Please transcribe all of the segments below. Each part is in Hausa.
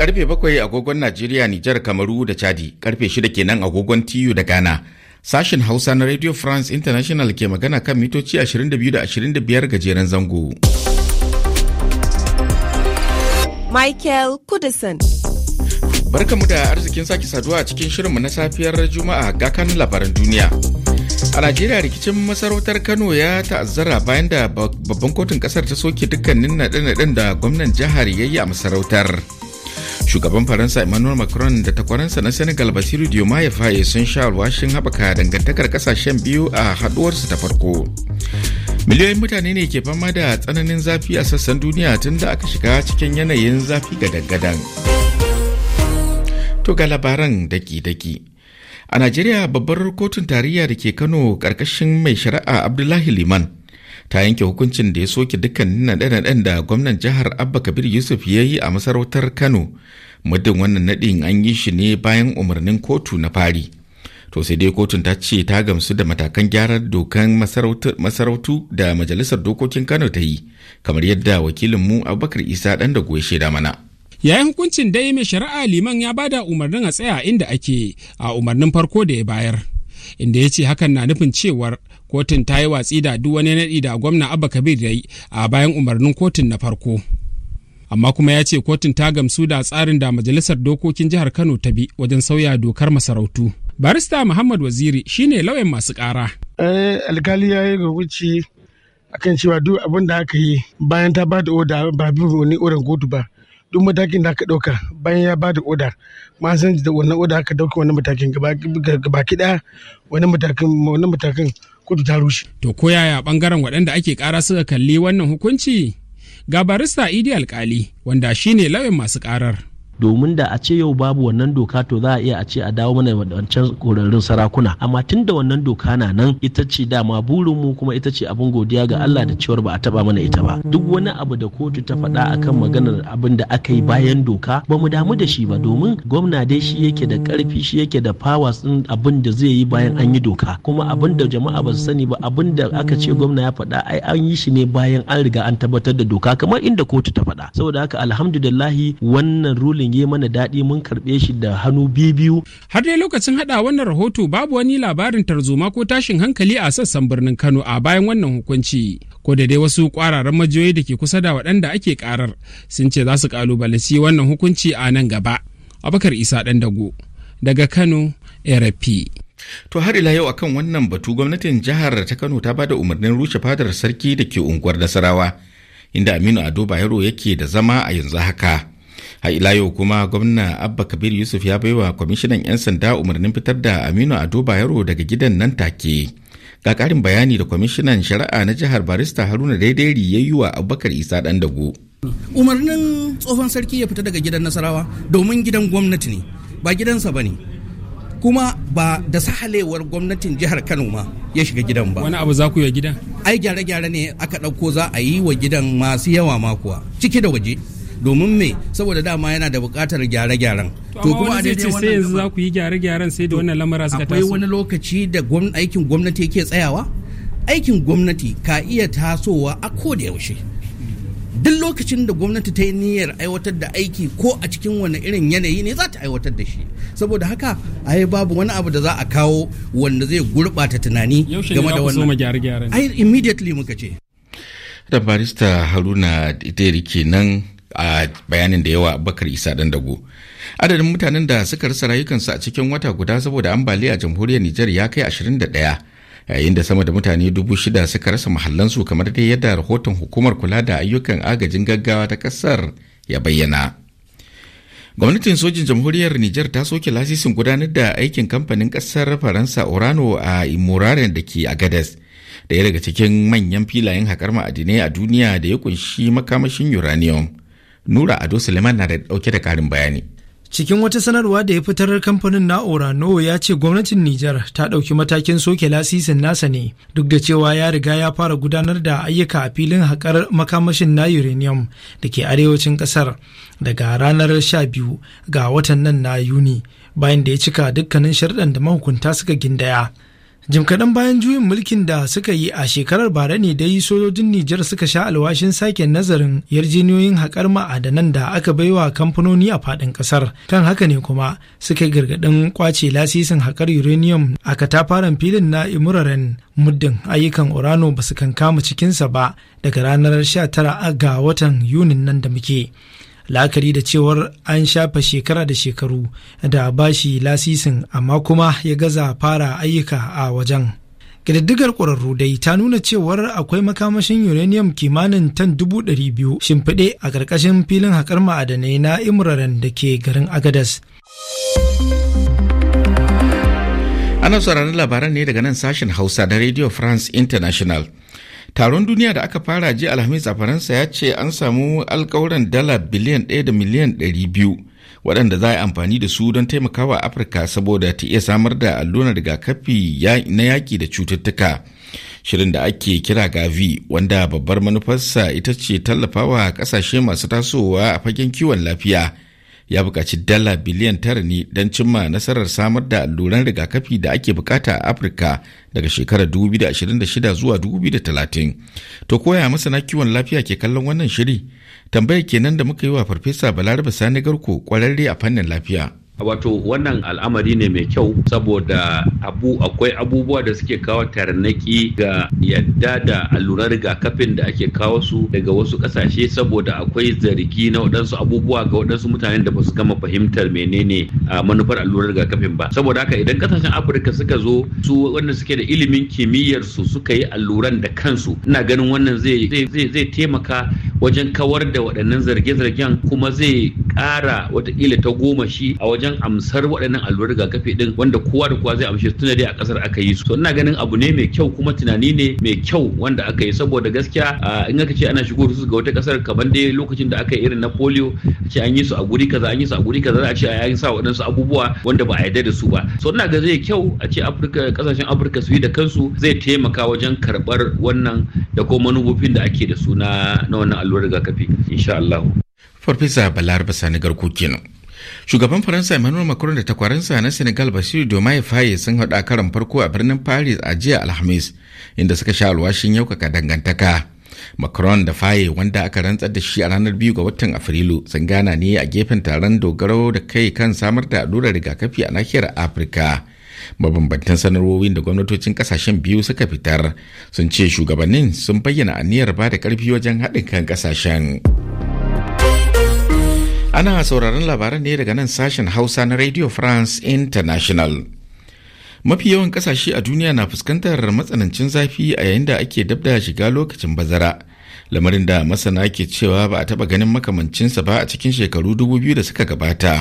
Karfe bakwai agogon Najeriya, Nijar, Kamaru da Chadi, karfe shida kenan agogon TU da Ghana. Sashen Hausa na Radio France International ke magana kan mitoci 22 da 25 gajeren zango. Michael Kudison. Barkamu da arzikin sake saduwa a cikin shirinmu na safiyar Juma'a ga kan labaran duniya. A Najeriya rikicin masarautar Kano ya ta'azzara bayan da babban kotun kasar ta soke dukkanin naɗe-naɗen da gwamnan jihar ya yi a masarautar. shugaban faransa emmanuel macron da takwaransa na senegal basiru diomaye faye sun sha alwashin haɓaka dangantakar kasashen biyu a haɗuwarsu ta farko miliyoyin mutane ne ke fama da tsananin zafi a sassan duniya tun da aka shiga cikin yanayin zafi gadan-gadan to ga labaran daki-daki a najeriya babbar kotun tarayya da ke kano ƙarƙashin mai shari'a abdullahi liman ta yanke hukuncin da ya soke dukkanin naɗe-naɗen da gwamnan jihar abba kabir yusuf ya yi a masarautar kano muddin wannan naɗin an yi shi ne bayan umarnin kotu na fari to sai dai kotun ta ce ta gamsu da matakan gyaran dokan masarautu da majalisar dokokin kano ta yi kamar yadda wakilinmu abubakar isa ɗan da goye shaida mana yayin hukuncin dai mai shari'a liman ya bada umarnin a tsaya inda ake a umarnin farko da ya bayar inda ya ce hakan na nufin cewar kotun ta yi watsi da duk wani naɗi da gwamna abba kabir ya yi a bayan umarnin kotun na farko amma kuma ya ce kotun ta gamsu da tsarin da majalisar dokokin jihar kano ta bi wajen sauya dokar masarautu barista muhammad waziri shine lauyan masu kara eh, alkali ya yi ga wuce akan cewa duk abin da aka yi bayan ta ba da oda ba bi wani odan kotu ba duk matakin da aka dauka bayan ya ba da oda ma san da wannan oda aka dauka wani matakin gaba gaba wani matakin kudu ta rushe. To ko yaya bangaren waɗanda ake ƙara suka kalli wannan hukunci? Ga barista Idi Alkali wanda shine lauyan masu ƙarar. domin da a ce yau babu wannan doka to za a iya a ce a dawo mana wancan korarrun sarakuna amma tun da wannan doka na nan ita ce dama burinmu kuma ita ce abin godiya ga Allah da cewar ba a taba mana ita ba duk wani abu da kotu ta faɗa akan maganar abin da aka yi bayan doka ba mu damu da shi ba domin gwamna dai shi yake da karfi shi yake da powers din abin da zai yi bayan an yi doka kuma abin da jama'a ba su sani ba abin da aka ce gwamna ya faɗa ai an yi shi ne bayan an riga an tabbatar da doka kamar inda kotu ta faɗa saboda haka alhamdulillah wannan ruling abin mana daɗi mun karɓe shi da hannu biyu. Har dai lokacin haɗa wannan rahoto babu wani labarin tarzoma ko tashin hankali a sassan birnin Kano a bayan wannan hukunci. Ko da dai wasu ƙwararren majiyoyi da ke kusa da waɗanda ake ƙarar sun ce za su ƙalubalanci wannan hukunci a nan gaba. Abakar Isa ɗan dago daga Kano, RFP. To har ila yau akan wannan batu gwamnatin jihar ta Kano ta bada umarnin rushe fadar sarki da ke unguwar Nasarawa inda Aminu Ado Bayero yake da zama a yanzu haka. a ila yau kuma gwamna abba kabir yusuf ya baiwa kwamishinan 'yan sanda umarnin fitar da aminu ado bayero daga gidan nan take ga karin bayani da kwamishinan shari'a na jihar barista haruna daidairi ya yi wa abubakar isa dan dago umarnin tsohon sarki ya fita daga gidan nasarawa domin gidan gwamnati ne ba gidansa ba ne kuma ba da sahalewar gwamnatin jihar kano ma ya shiga gidan ba wani abu za ku yi gidan ai gyare-gyare ne aka ɗauko za a yi wa gidan masu yawa makuwa ciki da waje domin me saboda dama yana da buƙatar gyare-gyaren to kuma a ce sai yanzu za ku yi gyare-gyaren sai da wannan lamura suka taso akwai wani lokaci da aikin gwamnati yake tsayawa aikin gwamnati ka iya tasowa a ko da yaushe duk lokacin da gwamnati ta yi niyyar aiwatar da aiki ko a cikin wani irin yanayi ne za ta aiwatar da shi saboda haka ai babu wani abu da za a kawo wanda zai gurɓata tunani game da wannan ai immediately muka ce da barista haruna ideri nan. a bayanin da yawa bakar isa dan dago adadin mutanen da suka rasa rayukansu a cikin wata guda saboda ambaliya a jamhuriyar nijar ya kai 21 yayin da sama da mutane dubu shida suka rasa mahallansu kamar dai yadda rahoton hukumar kula da ayyukan agajin gaggawa ta kasar ya bayyana gwamnatin sojin jamhuriyar nijar ta soke lasisin gudanar da aikin kamfanin kasar faransa orano a imuraren da ke a agadas daya daga cikin manyan filayen haƙar ma'adinai a duniya da ya kunshi makamashin uranium Nura Ado Suleiman na da dauke da karin bayani. Cikin wata sanarwa da ya fitar kamfanin na'ura Nowo ya ce gwamnatin Nijar ta ɗauki matakin soke lasisin nasa ne duk da cewa ya riga ya fara gudanar da ayyuka a filin haƙar makamashin na uranium da ke arewacin ƙasar daga ranar 12 ga watan nan na Yuni bayan da ya cika dukkanin sharɗan da mahukunta suka gindaya. jim kaɗan bayan juyin mulkin da suka yi a shekarar bara ne dai sojojin nijar suka sha alwashin sake nazarin yarjeniyoyin haƙar ma'adanan da aka baiwa kamfanoni a faɗin ƙasar kan haka ne kuma suka yi gargaɗin kwace lasisin haƙar uranium a katafaren filin na imuraren muddin ayyukan urano ba su kama cikinsa ba daga ranar 19 ga watan yunin nan da muke la'akari da cewar an shafa shekara da shekaru da bashi lasisin amma kuma ya gaza fara ayyuka a wajen ƙididdigar ƙwararru dai ta nuna cewar akwai makamashin uranium kimanin tan dubu ɗari biyu shimfiɗe a ƙarƙashin filin haƙar ma'adanai na imraran da ke garin agadas ana sauraron labaran ne daga nan sashen hausa da radio france international taron duniya da aka fara ji alhamis a faransa ya ce an samu alkawuran dala biliyan ɗaya da miliyan ɗari biyu waɗanda za a yi amfani da su don taimakawa afirka saboda ta iya samar da allurar rigakafi na yaƙi da cututtuka shirin da ake kira gavi wanda babbar manufarsa ita ce tallafawa ƙasashe masu tasowa a fagen kiwon lafiya ya buƙaci dala biliyan tara ne don cimma nasarar samar da alluran rigakafi da ake bukata a afirka daga shekarar 2026 zuwa 2030 to koya masana kiwon lafiya ke kallon wannan shiri tambayar kenan da muka yi wa farfesa balarabe sani garko kwararre a fannin lafiya wato wannan al'amari ne mai kyau saboda abu akwai abubuwa da suke kawo tarnaki ga yadda da allurar rigakafin da ake kawo su daga wasu kasashe saboda akwai zargi na waɗansu abubuwa ga waɗansu mutanen da ba su gama fahimtar menene a manufar allurar rigakafin ba saboda haka idan kasashen afirka suka zo su wanda suke da ilimin kimiyyar su suka yi alluran da kansu ina ganin wannan zai zai taimaka wajen kawar da waɗannan zarge-zargen kuma zai ƙara watakila ta goma shi a wajen amsar waɗannan allurar rigakafi din wanda kowa da kowa zai amshi da dai a ƙasar aka yi su to ina ganin abu ne mai kyau kuma tunani ne mai kyau wanda aka yi saboda gaskiya in aka ce ana shigo su ga wata ƙasar kamar dai lokacin da aka yi irin na polio ce an yi su a guri kaza an yi su a guri kaza a ce yi sa waɗansu abubuwa wanda ba a yarda da su ba so ina ga zai kyau a ce afirka ƙasashen afirka su yi da kansu zai taimaka wajen karɓar wannan da kuma manufofin da ake da su na wannan allurar rigakafi insha Allah farfesa balaraba sani garko shugaban faransa emmanuel macron da takwaransa na senegal basiru diomaye faye sun haɗu a karon farko a birnin paris a jiya alhamis inda suka sha alwashin yaukaka dangantaka macron da faye wanda aka rantsar da shi a ranar biyu ga watan afrilu sun gana ne a gefen taron dogaro da kai kan samar da allurar rigakafi a nahiyar afirka mabambantan sanarwowin da gwamnatocin kasashen biyu suka fitar sun ce shugabannin sun bayyana aniyar ba da karfi wajen haɗin kan kasashen. Ana sauraron labaran ne daga nan sashen Hausa na Radio France International. Mafi yawan kasashe a duniya na fuskantar matsanancin zafi a yayin da ake dabda shiga lokacin bazara. Lamarin da masana ke cewa ba a taɓa ganin makamancinsa ba a cikin shekaru dubu biyu da suka gabata.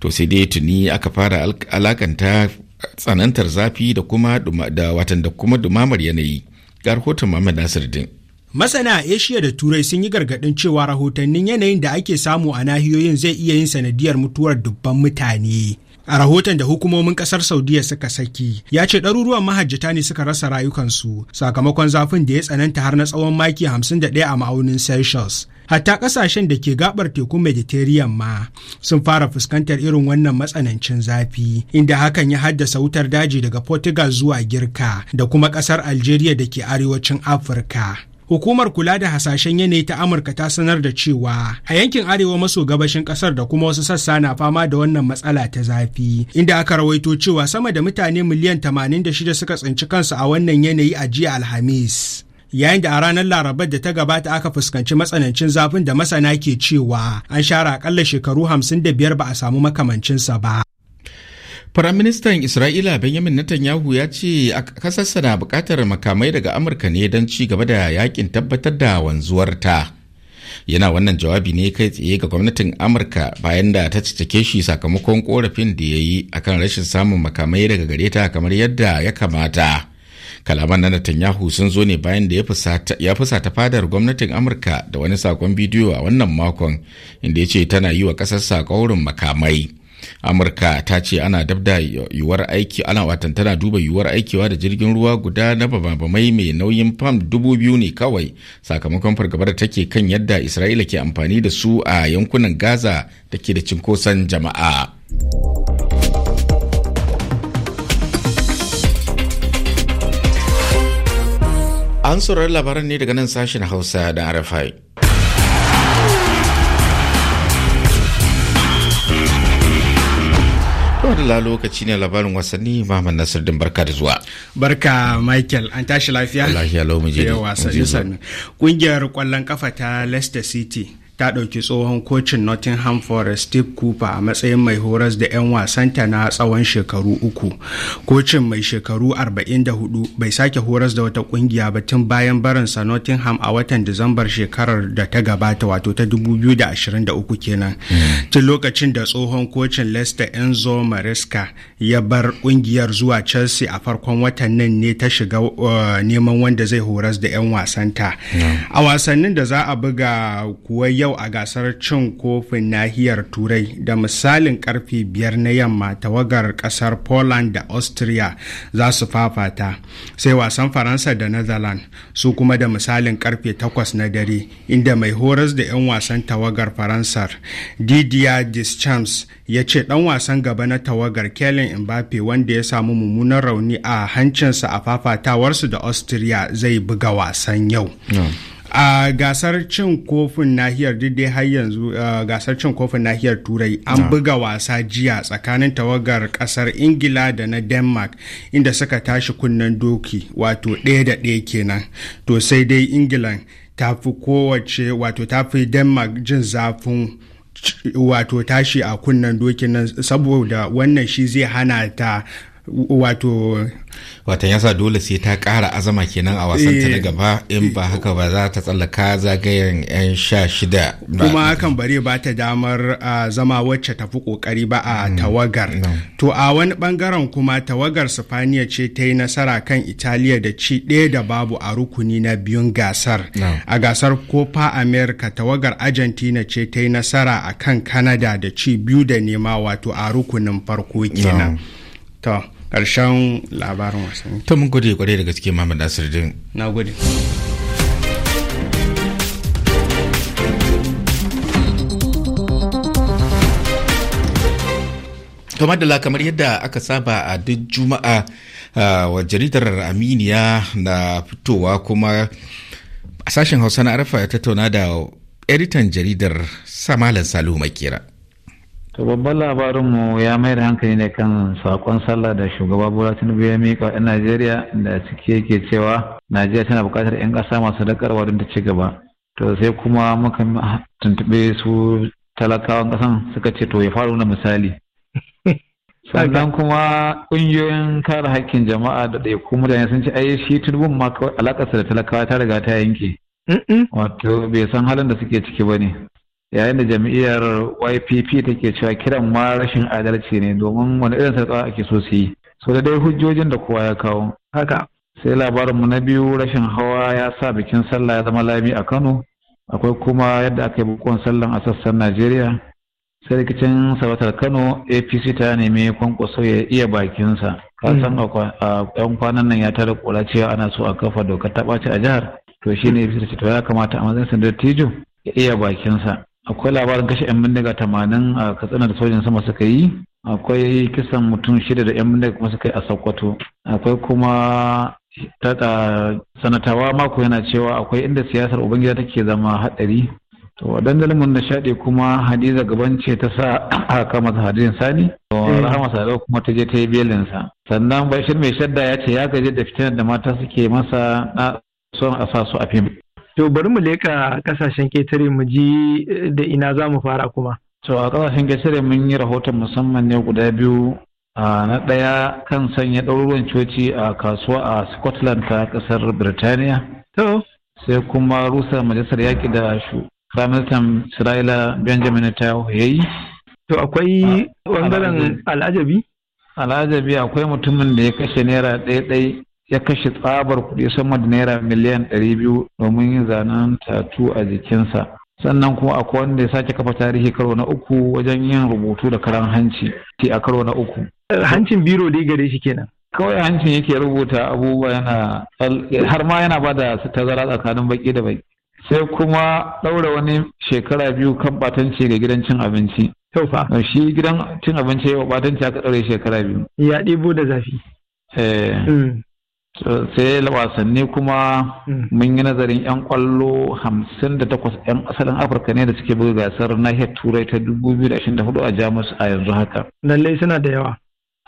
To sai dai tuni aka fara alakanta tsanantar zafi da kuma da watan da kuma dumamar yanayi. Ga rahoton Muhammad Nasiruddin. Masana a Asia da Turai sun yi gargaɗin cewa rahotannin yanayin da ake samu a nahiyoyin zai iya yin sanadiyar mutuwar dubban mutane. a rahoton da hukumomin ƙasar saudiya suka saki ya ce ɗaruruwan mahajjata ne suka rasa rayukansu sakamakon zafin da ya tsananta har na tsawon maki hamsin da ɗaya a ma'aunin celsius hatta ƙasashen da ke gaɓar tekun mediterranean ma sun fara fuskantar irin wannan matsanancin zafi inda hakan ya haddasa wutar daji daga portugal zuwa girka da kuma ƙasar algeria da ke arewacin afirka Hukumar kula da hasashen yanayi ta Amurka ta sanar da cewa a yankin arewa maso gabashin kasar da kuma wasu sassa na fama da wannan matsala ta zafi, inda aka rawaito cewa sama da mutane miliyan tamanin da shida suka tsinci kansu a wannan yanayi a jiya Alhamis. yayin da a ranar larabar da ta gabata aka fuskanci matsanancin zafin da masana ke cewa an share akalla shekaru hamsin da biyar ba a samu makamancinsa ba. Firaministan Isra'ila Benjamin Netanyahu ya ce kasarsa na bukatar makamai daga Amurka ne don ci gaba da yakin tabbatar da wanzuwarta. Yana wannan jawabi ne kai tsaye ga gwamnatin Amurka bayan da ta cike shi sakamakon korafin da ya yi akan rashin samun makamai daga gare ta kamar yadda ya kamata. Kalaman na Netanyahu sun zo ne bayan da ya fusata fadar gwamnatin Amurka da wani sakon bidiyo a wannan makon inda ya ce tana yi wa ƙasarsa makamai. amurka ta ce ana dabda aiki ana watan tana duba yiwuwar aikiwa da jirgin ruwa guda na babamai mai nauyin fam dubu biyu ne kawai sakamakon fargabar da take kan yadda isra'ila ke amfani da su a yankunan gaza da ke da cinkoson jama'a an saurari labaran ne daga nan sashen hausa da rfi. madalla lokaci ne labarin wasanni Muhammad Nasiruddin din barka da zuwa. Barka Michael an tashi lafiya? Lafiya lau mu je. Kungiyar kwallon kafa ta Leicester City ta ɗauki tsohon kocin nottingham forest steve cooper a matsayin mai horas da 'yan wasanta na tsawon shekaru uku kocin mai shekaru 44 bai sake horas da wata kungiya ba tun bayan barinsa nottingham a watan disambar shekarar da ta gabata wato ta 2023 kenan hmm. tun lokacin da tsohon kocin Lester enzo maresca ya bar kungiyar zuwa chelsea a farkon watan nan ne ta shiga eh, neman wanda zai horas da 'yan wasanta hmm. a wasannin da za a buga kuwa yau a gasar cin kofin nahiyar turai da misalin karfe biyar na yamma tawagar kasar poland da austria za su fafata sai wasan faransa da netherlands su kuma da misalin karfe takwas na dare inda mai horas da 'yan wasan tawagar faransar didier deschamps ya ce dan wasan gaba na tawagar kellen mbappe wanda ya samu mummunan rauni a hancinsa a fafatawarsu da austria zai buga wasan yau a gasar cin kofin nahiyar dai har yanzu gasar cin kofin nahiyar turai an buga wasa jiya tsakanin tawagar kasar ingila da na denmark inda suka tashi kunnen doki wato ɗaya da ɗaya kenan to sai dai Ingila ta fi kowace wato ta fi denmark jin zafin wato tashi a kunnen dokin nan saboda wannan shi zai hana ta wato watan yasa dole sai ta kara azama kenan a wasan ta eh, gaba in ba haka ba za ta tsallaka zagayen 'yan sha shida kuma hakan bare ba ta damar zama wacce tafi kokari ba a mm, tawagar to a wani bangaren kuma tawagar sifaniya ce ta yi nasara kan italiya da ci ɗaya da babu a rukuni na biyun gasar a gasar kofa america tawagar argentina ce ta yi nasara a kan canada da ci biyu da nema wato a rukunin farko kenan. to karshen labarin wasanni to mun gode kwarai da gaske Muhammad Nasir na gode to madalla kamar yadda aka saba a duk juma'a wa jaridar aminiya na fitowa kuma a sashen hausa na arfa ya tattauna da editan jaridar samalan salu makera to babban mu ya mai da hankali ne kan sakon sallah da shugaba bola tinubu ya mika a najeriya da ciki yake cewa najeriya tana buƙatar 'yan ƙasa masu daƙarwa don ta ci gaba to sai kuma muka tuntuɓe su talakawan ƙasan suka ce to ya faru na misali sannan kuma ƙungiyoyin kare haƙƙin jama'a da kuma mutane sun ce ai shi tunubun ma alaƙarsa da talakawa ta riga ta yanke wato bai san halin da suke ciki ba ne yayin da jam'iyyar ypp take cewa kiran ma rashin adalci ne domin wani irin sarƙa ake so su yi so da dai hujjojin da kowa ya kawo haka sai labarinmu na biyu rashin hawa ya sa bikin sallah ya zama lami a kano akwai kuma yadda aka yi bukuwan sallan a sassan najeriya sai rikicin sabatar kano apc ta nemi kwankwaso ya iya bakinsa ka hmm. san a yan kwanan nan ya tara kura cewa ana so a kafa doka ta ɓaci a jihar to shi ne apc ta ya kamata a matsayin sandar tijo ya iya bakinsa akwai labarin kashe 'yan bindiga tamanin a katsina da sojin sama suka yi akwai kisan mutum shida da 'yan bindiga kuma suka yi a sokoto akwai kuma sanatawa mako yana cewa akwai inda siyasar ubangida take zama hadari to dandalin mun nishadi kuma hadiza gaban ce ta sa aka kama hadirin sani to eh. rahama sadau kuma ta je ta yi belinsa sannan bashir mai shadda ya ce ya gaji da fitinar da mata suke masa na son a sa su a fim To bari mu leka ƙasashen ketare mu ji eh, da ina za mu fara kuma. To a ƙasashen ketare mun yi rahoton musamman ne guda biyu na ɗaya kan sanya ɗaruruwan coci a kasuwa a Scotland ta ƙasar Birtaniya. To. Sai kuma rusa majalisar yaƙi da Firaministan Isra'ila Benjamin Netanyahu ya yi. To akwai wangaren al'ajabi? Al'ajabi akwai mutumin da ya kashe naira ɗaya ɗaya ya kashe tsabar kuɗi sama da naira miliyan ɗari biyu domin yin zanen tatu a jikinsa sannan kuma akwai wanda ya sake kafa tarihi karo na uku wajen yin rubutu da karan hanci a karo na uku hancin biro dai gare shi kenan kawai hancin yake rubuta abubuwa yana har ma yana bada tazara tsakanin baki da baki sai kuma ɗaura wani shekara biyu kan batanci ga gidan cin abinci shi gidan cin abinci ya batanci aka ɗaure shekara biyu ya ɗebo da zafi eh. mm. sai wasanni kuma hmm. mun yi nazarin 'yan kwallo 58 'yan asalin afirka ne da suke buga gasar nahiyar turai ta 2024 a jamus a yanzu haka lallai suna da yawa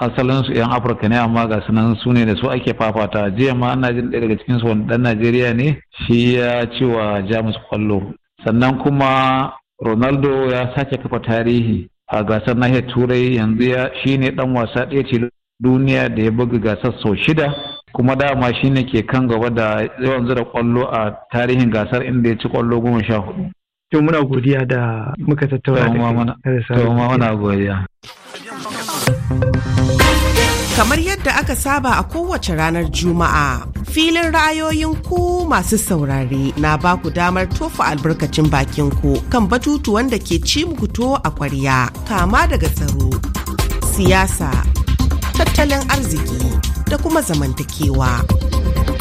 asalin su 'yan afirka ne amma ga sunan su ne da su ake fafata jiya ma ana jin ɗaya daga cikin su wani ɗan najeriya ne shi ya ci wa jamus kwallo sannan kuma ronaldo ya sake kafa tarihi a gasar nahiyar turai yanzu ya shine dan wasa ɗaya ce duniya da ya buga gasar sau shida kuma dama shi ne ke kan gaba da yawan zura kwallo a tarihin gasar inda ya ci kwallo goma sha hudu. Yau muna godiya da muka tattauna da muna godiya. Kamar yadda aka saba a kowace ranar Juma'a, filin ra'ayoyin ku masu saurare na ba ku damar tofa albarkacin bakin ku kan batutuwan da ke ci muku to a kwarya, kama daga tsaro, siyasa, tattalin arziki. da kuma zamantakewa.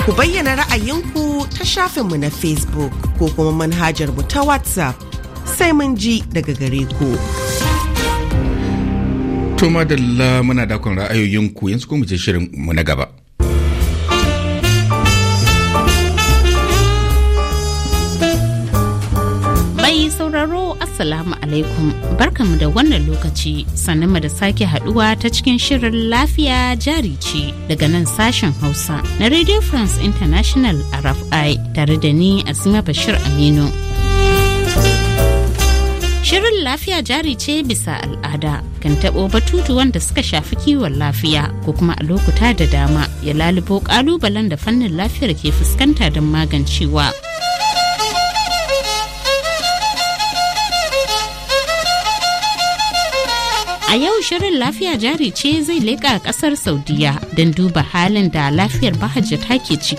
Ku bayyana ra'ayinku ta shafinmu na Facebook ko kuma manhajar mu ta WhatsApp sai mun ji daga gare ku. To madalla muna dakon ra'ayoyinku yanzu kuma je shirin mu na gaba. Assalamu alaikum barkamu da wannan lokaci sannan da sake haduwa ta cikin shirin lafiya jari ce daga nan sashen Hausa na Radio France International RFI tare da ni Asima Bashir Aminu. Shirin lafiya jari ce bisa al'ada kan taɓo batutu wanda suka shafi kiwon lafiya ko kuma a lokuta da dama ya lalubo ƙalubalen da fannin lafiyar ke fuskanta don magancewa. A yau shirin lafiya jari ce zai leƙa ƙasar Saudiya don duba halin da lafiyar mahajjata ke ciki